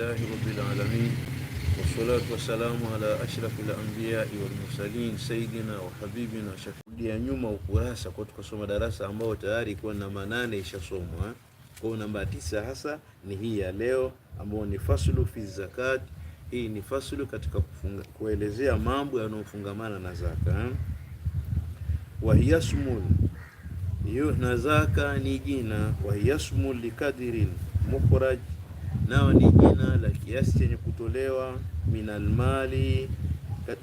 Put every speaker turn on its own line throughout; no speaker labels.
alhamdulillahi rabbil alamin wassalatu wassalamu ala ashrafil anbiyai wal mursalin sayidina wa habibina Nyuma ukurasa kwa tukasoma darasa ambao tayari kwa namba nane ishasomwa, eh? kwa namba tisa hasa ni hii ya leo ambao ni faslu fi zakat. Hii ni faslu katika kufunga, kuelezea mambo yanayofungamana na zaka. Eh? Wahiya smun hiyo, na zaka ni jina. Wahiya smun likadirin mukhraj nao ni jina la kiasi chenye kutolewa mali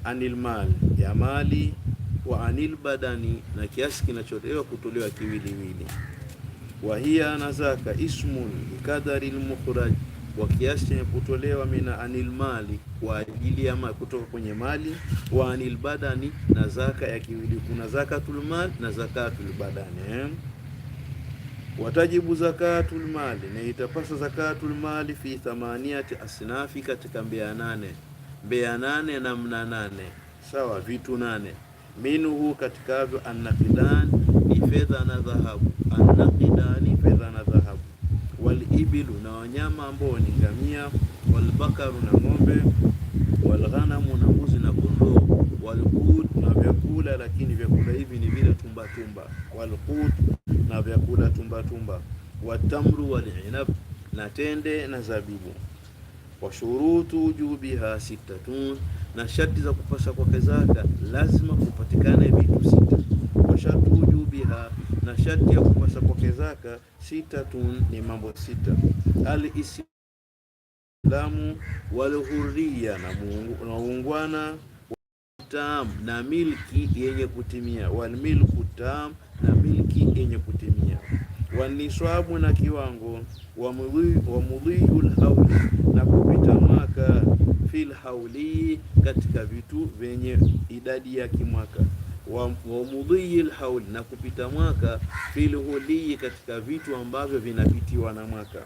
anil mal ya mali wa anil badani, na kiasi kinachotolewa kutolewa kiwiliwili. Wa hiya nazaka ismun bikadari lmukhraj, wa kiasi chenye kutolewa mina anil mali, kwa ajili ya kutoka kwenye mali. Wa anil badani, na zaka ya kiwili, kuna zakatul mal na zakatul badani eh? Watajibu zakatul mali, na itapasa zakatul mali fi thamaniati asnafi, katika mbea nane, mbea nane, na mna nane, sawa vitu nane. Minhu, katikavyo, annaqidan ni fedha na dhahabu, annaqidani fedha na dhahabu, walibilu, na wanyama ambao ni ngamia, walbakaru, na ng'ombe, walghanamu, na mbuzi na kondoo, walqut, na vyakula, lakini vyakula hivi ni vile tumbatumba, walqut na vyakula tumbatumba, watamru walinab, na tende na zabibu. Washurutu wujubiha sittatun, na sharti za kupasa kwake zaka lazima kupatikane vitu sita. Washartu wujubiha, na sharti ya kupasa kwake zaka sittatun, ni mambo sita. Al islamu walhurriya, na uungwana tam, na milki yenye kutimia, walmilku tam na milki yenye kutimia, wanisabu na kiwango, wamudhiul hauli na kupita mwaka, fil hauli katika vitu vyenye idadi ya kimwaka wamudhiil haul na kupita mwaka filhulii katika vitu ambavyo vinapitiwa na mwaka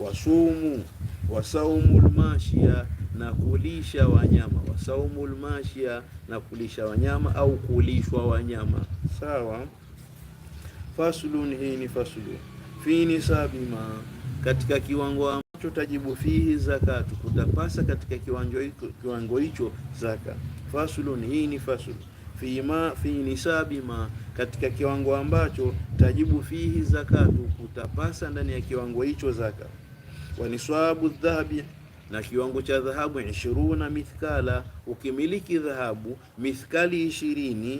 wasumu wasaumu lmashia na kulisha wanyama wasaumu lmashia na kulisha wanyama au kulishwa wanyama sawa faslun, hii ni faslu fi nisabi ma, katika kiwango ambacho tajibu fihi zakatu, kutapasa katika kiwango hicho kiwango hicho zaka. Faslun, hii ni faslu fi ma fi nisabi ma, katika kiwango ambacho tajibu fihi zakatu, kutapasa ndani ya kiwango hicho zaka. Wa niswabu dhahabi na kiwango cha dhahabu 20 mithkala, ukimiliki dhahabu mithkali 20,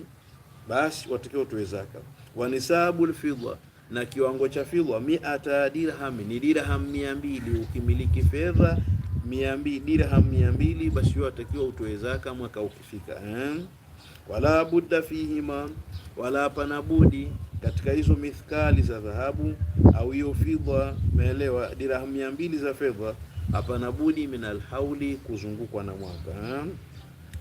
basi watakiwa utoe zaka wa nisabu alfidha na kiwango cha fidha miata dirham ni dirham 200. Ukimiliki fedha 200 dirham 200, basi watakiwa utoe zaka mwaka ukifika eh? wala budda fihima, wala panabudi katika hizo mithkali za dhahabu au hiyo fidha, umeelewa, dirham 200 za fedha, hapana budi min alhauli, kuzungukwa na mwaka. Eh?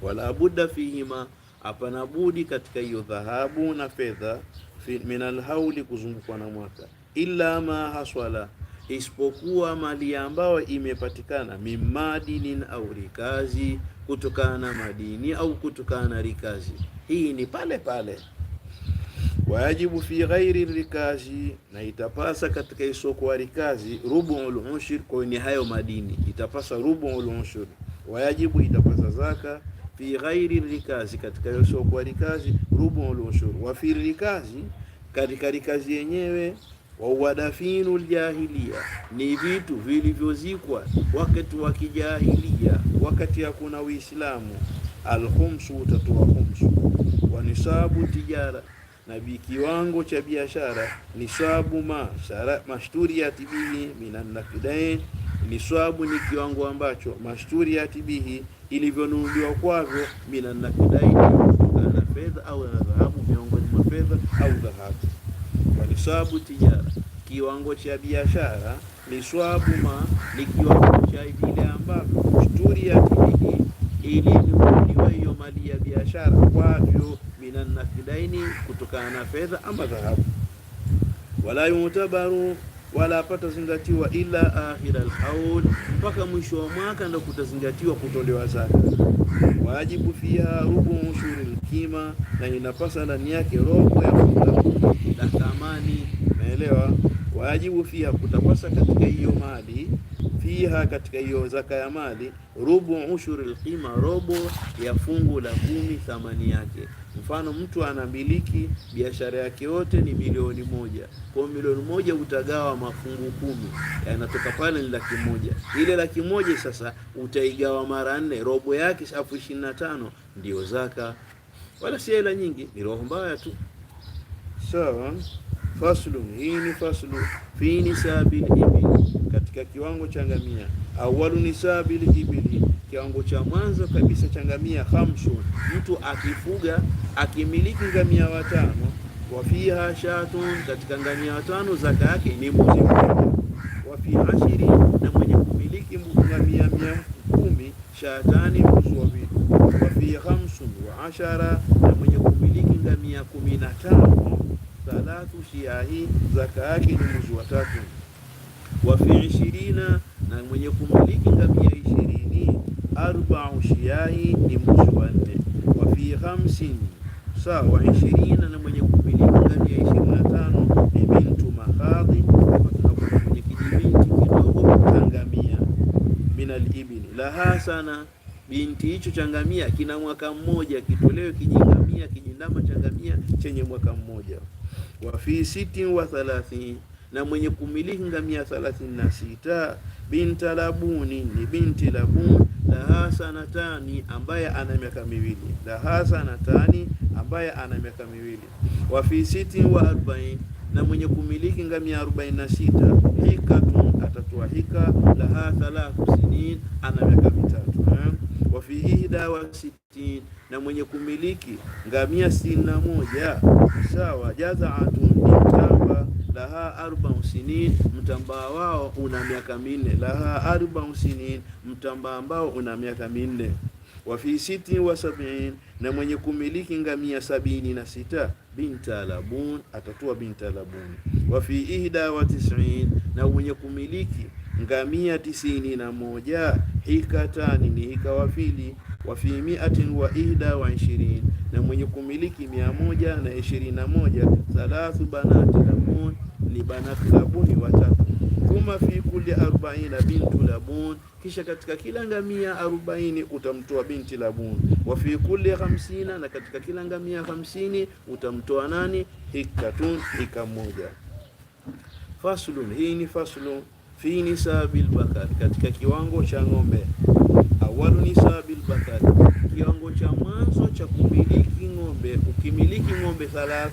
Wala budda fihima, hapana budi katika hiyo dhahabu na fedha min alhauli, kuzungukwa na mwaka. Illa ma haswala, isipokuwa mali ambayo imepatikana, mimadinin au rikazi, kutokana na madini au kutokana na rikazi. Hii ni pale pale wayajibu fi ghairi rikazi, na itapasa katika isoko wa rikazi, rubu ulunshir kwa ni hayo madini itapasa rubu ulunshir Wayajibu, itapasa zaka fi ghairi rikazi, katika yosokuwa rikazi, rubu lushuru wa fi rikazi, katika rikazi yenyewe wadafinu ljahiliya ni vitu vilivyozikwa wakati wa kijahilia, wakati hakuna Uislamu. Alhumsu, utatu humsu. wa nisabu tijara, na kiwango cha biashara. Nisabu ma mashturiati bihi minan nakidain Niswabu ni kiwango ambacho ya tibihi ilivyonunuliwa kwavyo mina nakidaini, kutokana na fedha au na dhahabu, miongoni mwa fedha au dhahabu. Wa tijara, kiwango cha biashara. Niswabu ma ni kiwango cha vile ambavyo ya bihi ilinunuliwa hiyo mali ya biashara kwavyo minan nakidaini, kutokana na fedha ama dhahabu. Wala yutabaru wala hapata zingatiwa ila akhira alhaul, mpaka mwisho wa mwaka ndio kutazingatiwa kutolewa zaka. Wajibu fiha rubu ushuri lkima, na inapasa ndani yake robo ya funga la thamani. Umeelewa? Wajibu fiha, kutapasa katika hiyo mali fiha, katika hiyo zaka ya mali, rubu ushuri lkima, robo ya fungu la kumi thamani yake Mfano, mtu anamiliki biashara yake yote ni milioni moja, kwa milioni moja utagawa mafungu kumi, yanatoka pale ni laki moja. Ile laki moja sasa utaigawa mara nne, robo yake elfu ishirini na tano ndio zaka, wala si hela nyingi, ni roho mbaya tu. Sawa. Faslu, hii ni faslu fi nisabil ibili, katika kiwango cha ngamia. Awalu nisabil ibili kiwango cha mwanzo kabisa cha ngamia hamshu, mtu akifuga akimiliki ngamia watano, wafiha shatun, katika ngamia watano zaka yake ni mbuzi mmoja, wafiha ashiri, na mwenye kumiliki ngamia mia kumi shatani mbuzi wawili, wafiha hamsun wa ashara, na mwenye kumiliki ngamia kumi na tano thalathu shiahi, zaka yake ni mbuzi watatu, wafi ishirina na mwenye kumiliki ngamia ishirini arbau shiyai ni mbuzi wa wa fi hamsin sawa ishirina, na mwenye kumiliki ngamia ishirini na tano ni bintu mahadhi, mwenye kijibinti kidogo changamia min alibni laha sana binti hicho changamia kina mwaka mmoja, kitolewe kijingamia kijindama changamia chenye mwaka mmoja. wa fi sitin wa thalathini na mwenye kumiliki ngamia 36 binta labuni ni binti labuni laha sanatani ambaye ana miaka miwili laha sanatani ambaye ana miaka miwili wa fi siti wa arbain na mwenye kumiliki ngamia 46 hikatun atatoa hika laha thalathu sinin ana miaka mitatu eh? wa fi ihda wa sitin na mwenye kumiliki ngamia 61 sawa jazaatun laha arbau sinin, mtambaa wao una miaka minne. Laha arbau sinin, mtambaa ambao una miaka minne. Wa fi sittin wa sabiin na mwenye kumiliki ngamia sabini na sita. Binta labun, atatua binta labun. Wa fi ihda wa tis'in, na mwenye kumiliki ngamia tisini na moja. Hikatani ni hika wafili. Wa fi miatin wa ihda wa ishirin, na mwenye kumiliki mia moja na ishirini na moja. Thalathu banati labun ni libanathi labuni watatu, thumma fi kulli arbaina bintu labun, kisha katika kila ngamia arobaini utamtoa binti labun. Wa fi kulli hamsina, na katika kila ngamia hamsini utamtoa nani? Hikatun, hika moja. Faslun, hii ni faslu fi nisabil bakar katika kiwango cha ng'ombe. Awalu nisabil bakar kiwango cha mwanzo cha kumiliki ng'ombe. Ukimiliki ng'ombe 30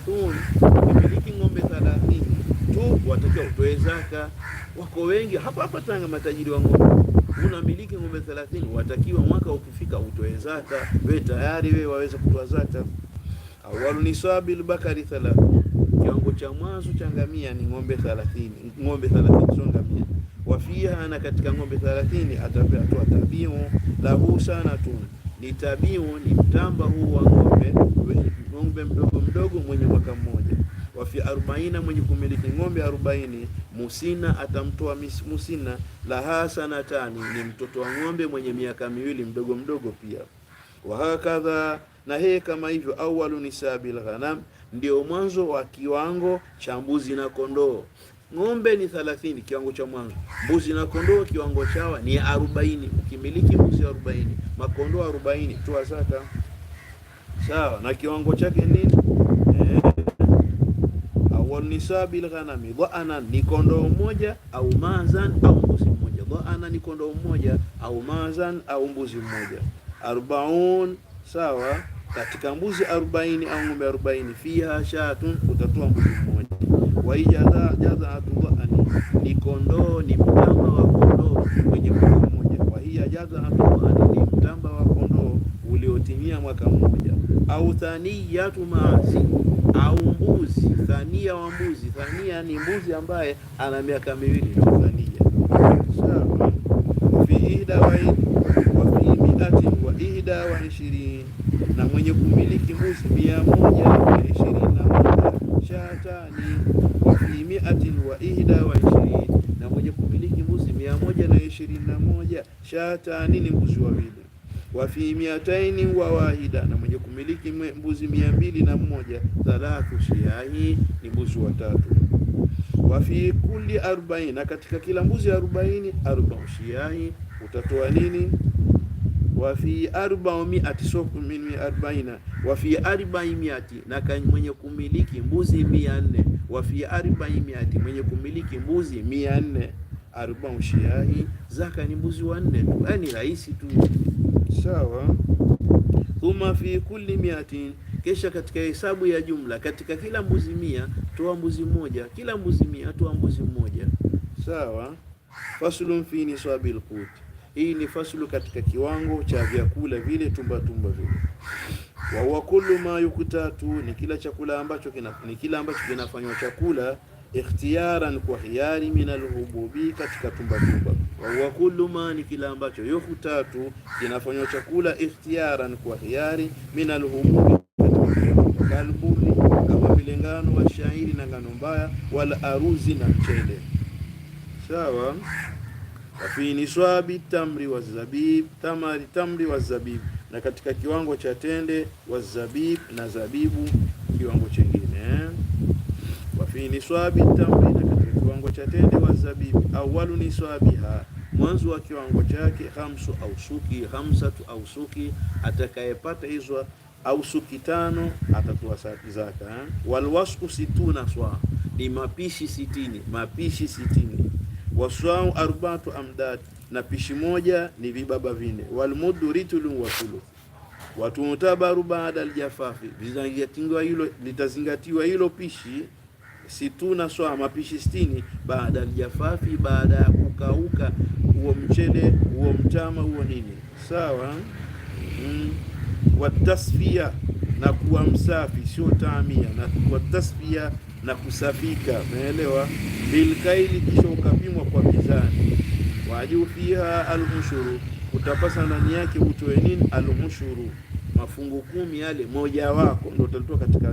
ukimiliki ng'ombe 30 Mungu watakiwa utoe zaka. Wako wengi hapa hapa Tanga, matajiri wa ng'ombe. Unamiliki ng'ombe 30, watakiwa mwaka ukifika utoe zaka. Wewe tayari wewe waweza kutoa zaka. Awalu ni sabil bakari 30, kiwango cha mwanzo cha ngamia ni ng'ombe 30, ng'ombe 30 sio ngamia. Wafia na katika ng'ombe 30 atapewa tu tabiu lahu sana tu ni tabiu, ni mtamba huu wa ng'ombe ng'ombe mdogo mdogo mwenye mwaka mmoja wa fi arbaina, mwenye kumiliki ng'ombe arobaini. Musina atamtoa musina, laha sanatani, ni mtoto wa ng'ombe mwenye miaka miwili, mdogo mdogo pia. Wa hakadha, na heye kama hivyo, awalu nisabil ghanam, ndio mwanzo wa kiwango cha mbuzi na kondoo. Ng'ombe ni thalathini, kiwango cha mwanzo, mbuzi na kondoo kiwango chawa ni arobaini. Ukimiliki mbuzi arobaini, makondoo arobaini, toa zaka sawa, na kiwango chake nini? nisabi lghanami dhaana ni kondoo mmoja au mazan au mbuzi mmoja. Dhaana ni kondoo mmoja au mazan au mbuzi mmoja. Arbaun sawa, katika mbuzi 40 au ng'ombe 40, fiha shatun, utatoa mbuzi mmoja. Wa ijaza jaza jazaatu dhaani ni kondoo, ni mtamba wa kondoo kwenye mbuzi mmoja. kwa hiya jazaatu dhaani ni mtamba wa kondoo uliotimia mwaka mmoja. Au thaniyatu maasi au mbuzi thania wa mbuzi. Thania ni mbuzi ambaye ana miaka miwili tu, thania fi ihda wa fi miati wa ihda wa ishirini, na mwenye kumiliki mbuzi mia moja na ishirini na moja shatani wa fi miati wa ihda wa ishirini, na mwenye kumiliki mbuzi mia moja na ishirini na moja shatani ni mbuzi wawili wa fi miataini wa wahida, na mwenye kumiliki mbuzi mia mbili na mmoja thalathu shiahi, ni mbuzi watatu. Wa fi kulli arbaini, na katika kila mbuzi arobaini arbau shiahi, utatoa nini? Wa fi arbau miati soku min arbaina, wa fi arbai miati, na mwenye kumiliki mbuzi mia nne wa fi arbai miati, mwenye kumiliki mbuzi mia nne arbau shiahi, zaka ni mbuzi wanne tu, yani rahisi tu sawa Huma fi kulli miatin, kisha katika hesabu ya jumla katika kila mbuzi mia toa mbuzi mmoja, kila mbuzi mia toa mbuzi mmoja. Sawa. faslun fi nisabil qut, hii ni faslu katika kiwango cha vyakula vile tumba tumba vile. wa huwa kullu ma yuktatu, ni kila chakula ambacho kina, ni kila ambacho kinafanywa chakula ikhtiyaran, kwa hiari, min alhububi, katika tumba tumba wa kullu ma, ni kila ambacho tatu kinafanywa chakula ikhtiaran, kwa hiari, min alhumumi, kalbuni, kama vile ngano, wa shairi, na ngano mbaya, wal aruzi, na mchele. Sawa. Afini swabi tamri wa zabib, tamari tamri wa zabib, na katika kiwango cha tende wa zabib na zabibu, kiwango chengine. Eh? Wafi swabi tamri kiwango cha tende wa zabibu, awalu ni swabiha mwanzo wa kiwango chake, hamsu au suki, hamsatu au suki. Atakayepata hizo au suki tano atatoa zaka. Eh? Walwasku situna swa, ni mapishi sitini, mapishi sitini. Waswau arbatu amdad, na pishi moja ni vibaba vine. Walmuddu ritulun wa thuluth watuntabaru baada aljafafi, litazingatiwa hilo pishi situna swa mapishi sitini baada aljafafi, baada ya kukauka huo mchele huo mtama huo nini, sawa mm. Watasfia na kuwa msafi, sio taamia, na watasfia na kusafika, umeelewa? Bilkaili, kisha ukapimwa kwa mizani. Wajuu fiha almushuru, utapasa ndani yake utoe nini? Almushuru, mafungu kumi yale, moja wako ndio utalitoa katika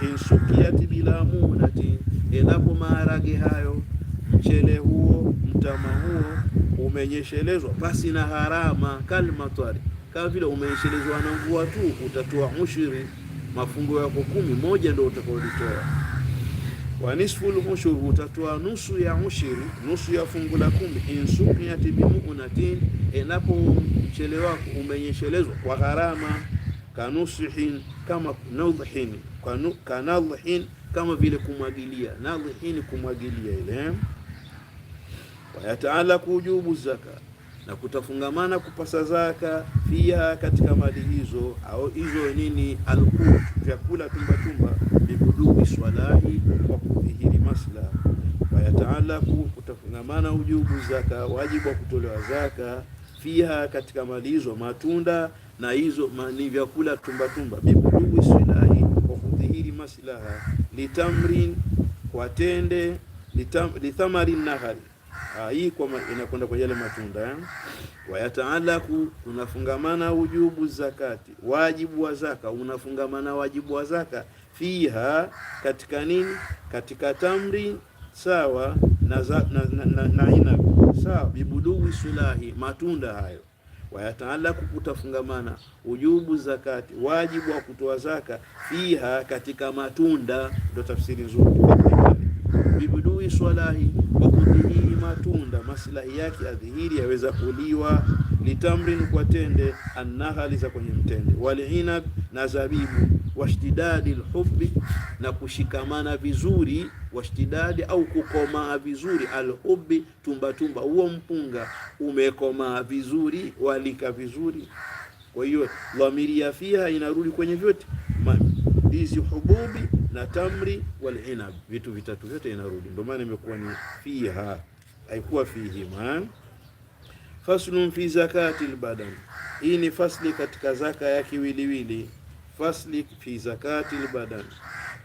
insukiyati bila munati, endapo maharage hayo mchele huo mtama huo umenyeshelezwa basi na harama kalmatari, kama vile umenyeshelezwa na mvua tu, utatoa ushiri mafungo yako kumi, moja ndio utakaolitoa wa nisfu al-ushur, utatoa nusu ya ushiri, nusu ya fungu la kumi. Insukiyati bimunatin, endapo mchele wako umenyeshelezwa kwa harama kanusihin kama nadhin, kanadhin kama vile kumwagilia, nadhin kumwagilia ile. Wayataala kujubu zaka, na kutafungamana kupasa zaka, pia katika mali hizo au hizo nini, alqut vyakula, tumbatumba, bikudubi swalahi, kwa kudhihiri masla Wayataala kutafungamana ujubu zaka, wajibu wa kutolewa zaka fiha katika mali hizo matunda na hizo ni vyakula tumbatumba, bibulugu silahi kwa kudhihiri maslaha, litamrin kwa tende, lithamari nahari ah, hii kwa inakwenda kwa yale matunda eh? Wayataalaku unafungamana ujubu zakati, wajibu wa zaka unafungamana wajibu wa zaka, fiha katika nini? Katika tamri sawa na, na, na, na sawa, bibuduwi sulahi, matunda hayo wayataalaku kutafungamana ujubu zakati, wajibu wa kutoa zaka fiha, katika matunda. Ndio tafsiri nzuri bibudui swalahi, kwa kudhihiri matunda, maslahi yake adhihiri, yaweza kuliwa litamrin, kwa tende, annahali za kwenye mtende, walinab na zabibu washtidadi lhubi na kushikamana vizuri, washtidadi au kukomaa vizuri, alhubbi, tumbatumba, huo mpunga umekomaa vizuri, walika vizuri. Kwa hiyo dhamiri ya fiha inarudi kwenye vyote hizi hububi na tamri walinab, vitu vitatu vyote inarudi. Ndio maana imekuwa ni fiha, haikuwa fihima. Faslun fi zakati lbadan hii ni fasli katika zaka ya kiwiliwili fasli fi zakati lbadan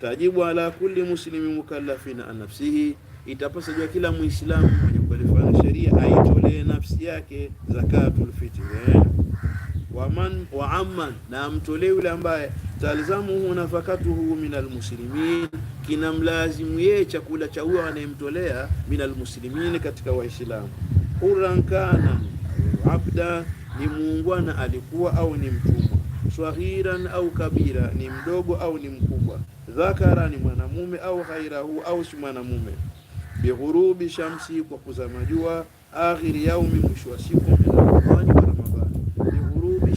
tajibu ala kulli muslimi mukallafin an nafsihi, itapasa jua kila muislamu mwenye kukalifana sheria aitolee nafsi yake zakatul fitri. Waman wa amman, na amtolee yule ambaye talzamuhu nafakatuhu min almuslimin, kina mlazimu yeye chakula cha huyo anayemtolea, min almuslimin, katika Waislamu. Huran kana abda, ni muungwana alikuwa au ni mtumwa saghiran au kabira, ni mdogo au ni mkubwa, dhakara ni mwanamume au ghairahu au si mwanamume, bighurubi shamsi, kwa kuzama jua, akhiri yaumi, mwisho wa siku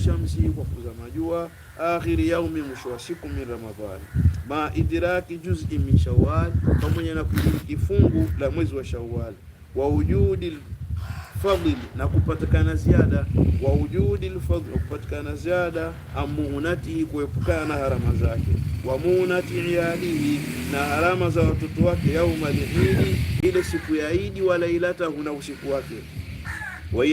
shamsi kwa kuzama jua, akhiri yaumi, mwisho wa siku min Ramadhani, ma idraki juzi min Shawwal, pamoja na kudiriki fungu la mwezi wa Shawwal wa wujudi alfadli na kupatikana ziada wa wujudi alfadli kupatikana ziada amunati kuepukana na harama zake wa munati iadihi na harama za watoto wake yauma lihidi ile siku ya Idi wa lailatahu na usiku wake wa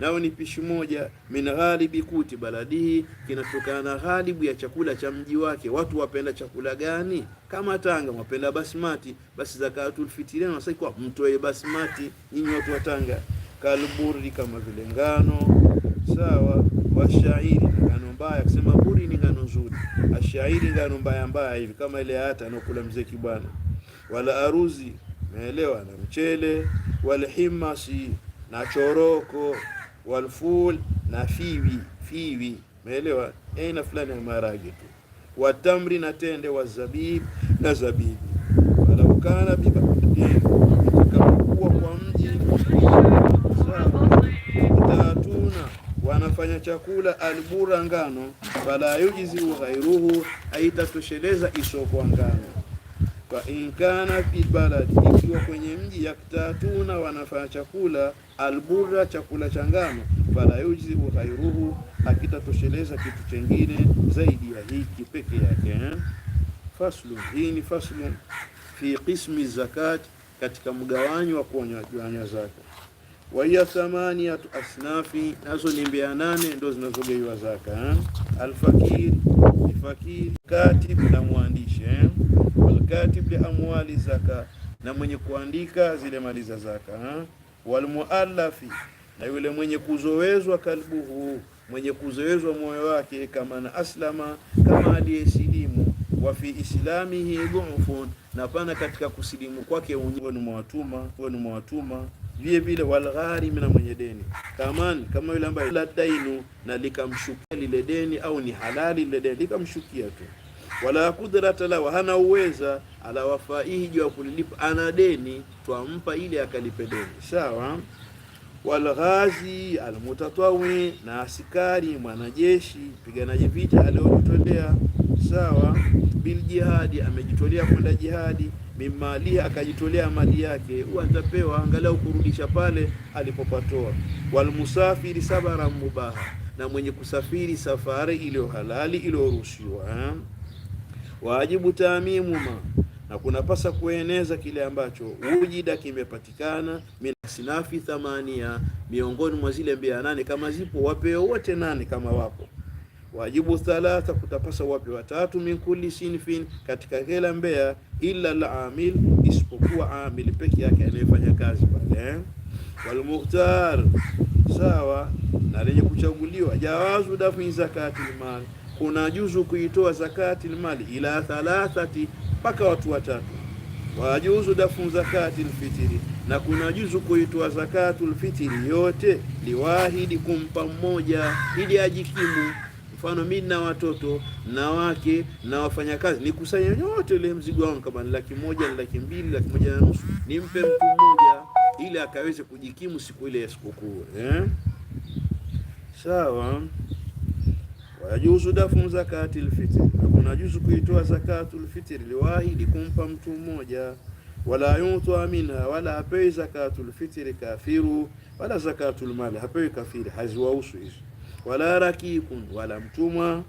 nao ni pishi moja, min ghalibi kuti baladihi, kinatokana na ghalibu ya chakula cha mji wake. Watu wapenda chakula gani? Kama Tanga wapenda basmati, basi zakatul fitri nasaikwa mtoe basmati, nyinyi watu wa Tanga. Kalburi, kama vile ngano sawa. Washairi ngano mbaya, akisema buri ni ngano nzuri, ashairi ngano mbaya mbaya hivi, kama ile hata anakula mzee Kibwana. Wala aruzi, naelewa na mchele, walhimasi na choroko walful na fiwi fiwi, umeelewa? Aina fulani ya maharage tu, watamri na tende, wazabib na zabibi. Walau kana itakapokuwa kwa mji taatuna, wanafanya chakula albura, ngano, fala yujizi ghairuhu, haitatosheleza isoko ngano fa in kana fi balad, ikiwa kwenye mji yaktatuna, wanafanya chakula alburra, chakula cha ngano, fala yujzi ghairuhu, akitatosheleza kitu chengine zaidi ya hiki peke yake. Eh? Faslu, hii ni faslu fi qismi zakat, katika mgawanyo wa kuonywa zaka. Wa hiya thamaniatu asnafi, nazo ni mbea nane ndo zinazogeiwa zaka. Eh? Alfakir, fakir, katib na mwandishi eh? katib li amwali zaka, na mwenye kuandika zile mali za zaka ha? muallafi, na yule mwenye kuzowezwa kalbuhu, mwenye kuzowezwa moyo wake, kama na aslama, kama aliyesilimu. Wa fi islamihi dhufun, na pana katika kusilimu kwake ni mwatuma ni mwatuma vile vile, walgharimi, na mwenye deni, kaman kama yule ambaye la dainu, na likamshukia lile deni, au ni halali lile deni, likamshukia tu wala qudrata lahu, hana uweza ala wafaihi, juu ya kulilipa. Ana deni twampa ile akalipe deni, sawa. Walghazi almutatawwi, na askari mwanajeshi mpiganaji vita aliyojitolea, sawa. Biljihadi, amejitolea kwenda jihadi. mimali akajitolea mali yake, huwa atapewa angalau kurudisha pale alipopatoa. Walmusafiri sabara mubaha, na mwenye kusafiri safari iliyo halali iliyoruhusiwa eh? wajibu taamimuma, na kunapasa kueneza kile ambacho ujida kimepatikana minasinafi thamania, miongoni mwa zile mbia nane, kama zipo wapeo wote nane kama wapo wajibu thalatha, kutapasa wape watatu, min kulli sinfin, katika kila mbea, illa la amil, isipokuwa amil peke yake anayefanya kazi pale. Walmukhtar, sawa na lenye kuchaguliwa, jawazu dafu zakati mali kuna juzu kuitoa zakati lmali ila thalathati, mpaka watu watatu. Wajuzu dafu zakati lfitiri, na kuna juzu kuitoa zakatu lfitiri yote liwahidi, kumpa mmoja ili ajikimu. Mfano, mimi na watoto na wake na wafanyakazi, nikusanya yote ile mzigo wangu, kama ni laki moja ni laki mbili laki moja na nusu, nimpe mtu mmoja ili akaweze kujikimu siku ile ya sikukuu eh? Sawa wayajuzu dafu zakati lfitri, na kuna juzu kuitoa zakatu lfitri liwahidi kumpa mtu mmoja. Wala yutwa minha, wala apei zakatu lfitri kafiru, wala zakatu lmali hapewi kafiri, haziwahusu hizo. Wala rakikun, wala mtumwa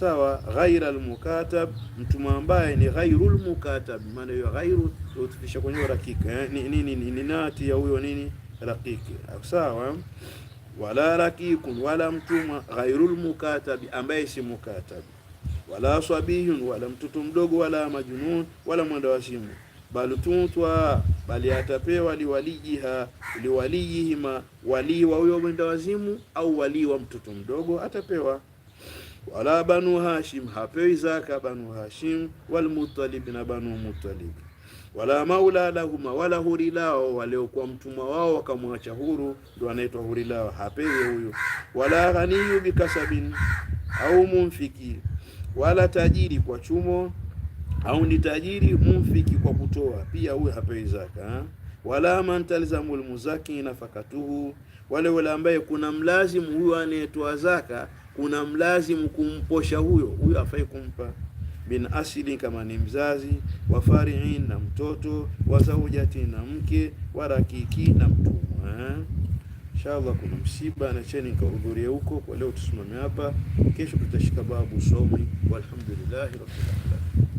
sawa, ghaira almukatab, mtumwa ambaye ni ghairu lmukatab. Maana hiyo ghairu utufisha kwenye rakiki nini, eh, ninati ya huyo nini rakiki, sawa wala rakikun, wala mtumwa ghairul mukatabi, ambaye si mukatabi, wala sabihun, wala mtoto mdogo, wala majunun, wala mwenda wazimu, bal tutwa, bali atapewa liwalijiha, liwaliyihima, walii wa huyo mwenda wazimu au walii wa mtoto mdogo atapewa wala banu Hashim hapewi zaka banu Hashim, wal na banu mutalib wala maula lahuma, wala huri lao waliokuwa mtumwa wao wakamwacha huru, ndo anaitwa huri lao, hapewe huyo. Wala ghaniyu bikasabin au mumfiki, wala tajiri kwa chumo au ni tajiri mumfiki kwa kutoa, pia huyo hapewi zaka. Wala man talzamu almuzaki nafakatuhu, wale wale ambaye kuna mlazimu huyo anayetoa zaka, kuna mlazimu kumposha huyo, huyo afai kumpa bin asli kama ni mzazi, wa fariin na mtoto, wa zaujati na mke, wa rakiki na mtumwa. Eh? Inshallah kuna msiba na cheni nikahudhuria huko. Kwa leo tusimame hapa, kesho tutashika babu somi Walhamdulillahi rabbil alamin.